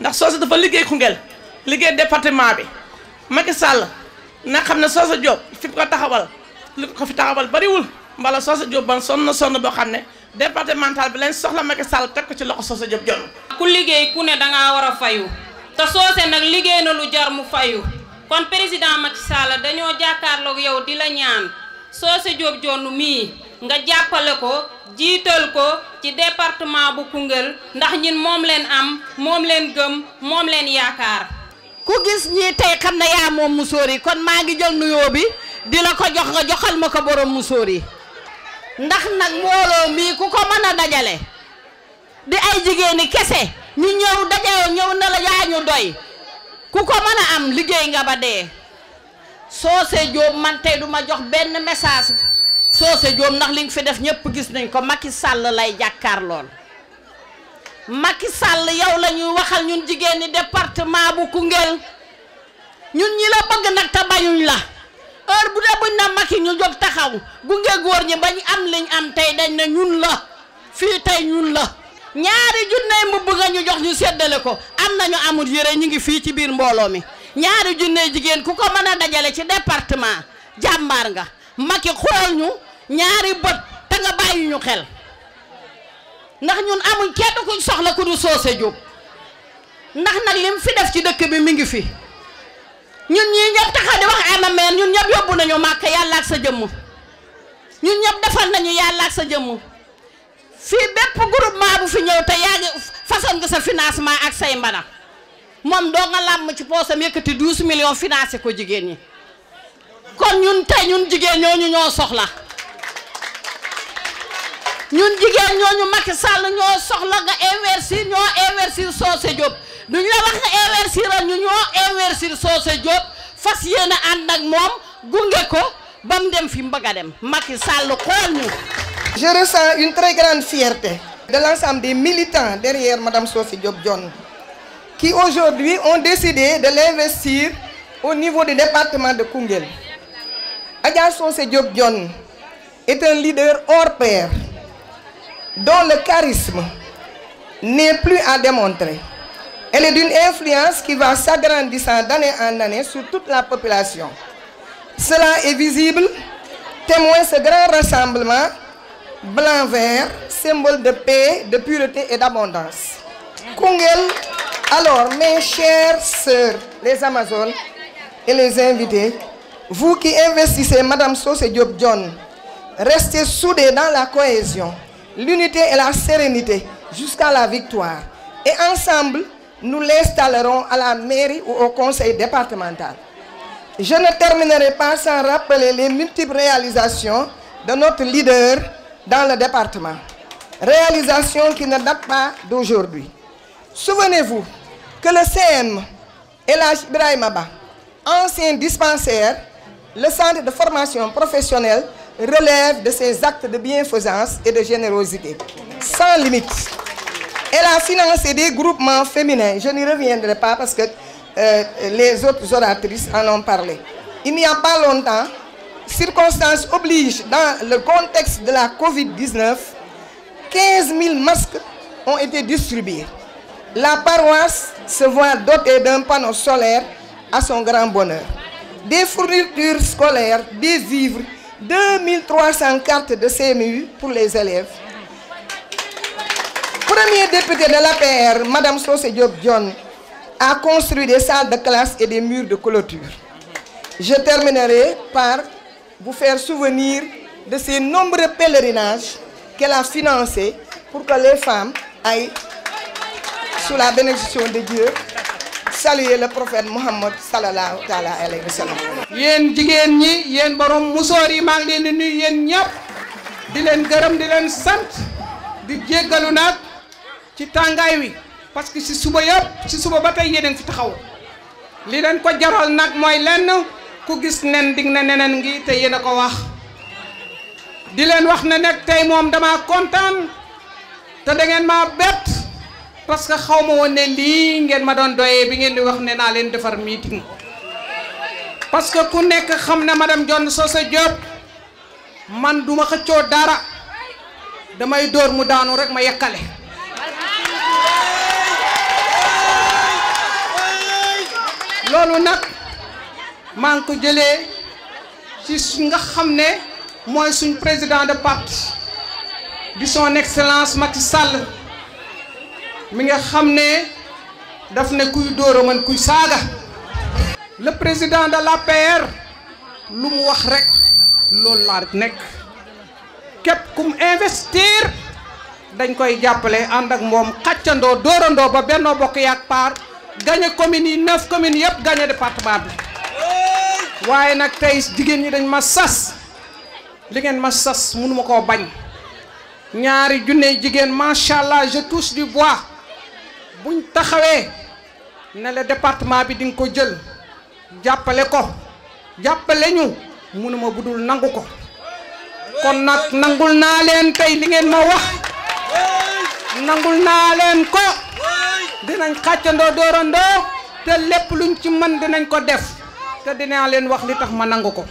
ndax Socé dafa liggéey Koungheul liggéey département bi Macky Sall na xam ne Socé Diop fi ko taxawal li ko fi taxawal bariwul mbala Socé job ban sonn na sonn boo xam ne départemental bi lañ soxla Macky Sall teg ko ci loxo Socé Diop jot ku liggéey ku ne dangaa war a fayu na lu jar mu fayu kon président Macky Sall dañoo jàkkaarloog yow di la ñaan soo Socé Diop Dione mii nga jàppale ko jiital ko ci département bu Koungheul ndax ñun moom leen am moom leen gëm moom leen yaakaar. ku gis ñi tey xam na yaa moom musóor yi kon maa ngi jël bi di la ko jox nga joxal ma ko borom musóor yi ndax nag mbooloo mii ku ko mën a dajale di ay jigéeni kese ñu ñëw dajale ñëw na la yaa ñu doy. kuko mana am liggey nga ba de sosé mantai man tay duma jox ben message sosé djom nak li fi def ñepp gis nañ ko Macky Sall lay jakar lool Macky Sall yow lañu waxal ñun jigéen ñi département bu Kungel ñun ñi la bëgg nak ta bañuñ la heure bu buñ na Macky ñu jox taxaw gunge goor ñi bañ am liñ am tay dañ na ñun la fi tay ñun la ñaari junney mu bëgg ñu jox ñu ko nañu amul yére ñu ngi fii ci biir mbooloo mi ñaari junne jigen ku ko mën a dajale ci département jàmbaar nga Macky xool ñu ñaari bët te nga bàyyi ñu xel ndax ñun amuñ kenn kuñ soxla ku du soose jóg ndax nag lim fi def ci dëkk bi mi ngi fi ñun ñii ya taxaw di wax ana ñun ñëpp yóbbu nañu ak sa ñun defal nañu ak sa fii bépp groupement bu fi ñëw te yaa ngi façon nga sa financement ak say mbana moom doo nga làmm ci poosam yëkkati douze million financé ko jigéen ñi kon ñun tey ñun jigéen ñooñu ñoo soxla ñun jigéen ñooñu Macky Sall ñoo soxla nga investir ñoo investir Socé Diop duñ la wax nga investir ñu ñoo investir Socé Diop fas yéene ànd ak moom gunge ko ba mu dem fi mu bëgg a dem Macky Sall xool ñu. Je ressens une très grande fierté de l'ensemble des militants derrière Mme Sophie Diop-John, qui aujourd'hui ont décidé de l'investir au niveau du département de Kungel. Adja Sophie Diop-John est un leader hors pair, dont le charisme n'est plus à démontrer. Elle est d'une influence qui va s'agrandissant d'année en année sur toute la population. Cela est visible, témoin ce grand rassemblement blanc vert, symbole de paix, de pureté et d'abondance. Kungel, alors mes chères sœurs, les Amazones et les invités, vous qui investissez Madame Sauce et Diop John, restez soudés dans la cohésion, l'unité et la sérénité jusqu'à la victoire. Et ensemble, nous l'installerons à la mairie ou au conseil départemental. Je ne terminerai pas sans rappeler les multiples réalisations de notre leader, dans le département. Réalisation qui ne date pas d'aujourd'hui. Souvenez-vous que le CM Elage Ibrahimaba, ancien dispensaire, le centre de formation professionnelle relève de ses actes de bienfaisance et de générosité, sans limite. Elle a financé des groupements féminins. Je n'y reviendrai pas parce que euh, les autres oratrices en ont parlé. Il n'y a pas longtemps, circonstances obligent, dans le contexte de la COVID-19, 15 000 masques ont été distribués. La paroisse se voit dotée d'un panneau solaire à son grand bonheur. Des fournitures scolaires, des vivres, 2300 cartes de CMU pour les élèves. Premier député de l'APR, Mme Sosé Diop dion a construit des salles de classe et des murs de clôture. Je terminerai par vous faire souvenir de ces nombreux pèlerinages qu'elle a financés pour que les femmes aillent, sous la bénédiction de Dieu, saluer le prophète Mohammed sallallahu alayhi wa sallam. yéen jigéen ñi yéen borom musori yi maa ngi leen di nuyu yéen di len gërëm di len sante di jéggalu nag ci tangay wi parce que si suba yop ci suba batay tey yéen fi taxaw li len ko jaral nag moy lenn. ku gis nen dig na nenen ngi te yena ko wax di len wax ne nek tay mom dama kontaan te da ngeen ma bet parce que xawma ma ne ngeen ma don doye bi ngeen di wax ne na len defar meeting parce que ku nek xamna madame john sosa job man duma xecio dara damay dor mu daanu rek ma yakale loolu nak maa ngi ko jëlee ci nga xamne ne suñu président de parti di son excellence Macky Sall mi nga xamne ne daf ne kuy dóora man kuy saga le président de la l'APR lu mu wax rek la rek nek kep kum investir dañ koy jàppale and ak mom xatchando dorando ba Benno Bokk yak par communes commune 9 commune yëpp gañe département bi waaye nag tey jigéen ñi dañ ma sas li ngeen ma sas mënuma koo bañ ñaari junne jigéen macha allah je touche du bois buñ taxawee ne la département bi di ko jël jàppale ko jàppale ñu mënuma dul nangu ko kon nag nangul naa leen tey li ngeen ma wax nangul naa leen ko dinañ xàccandoo doorandoo te lépp luñ ci mën dinañ ko def te dinaa leen wax li tax ma nangu ko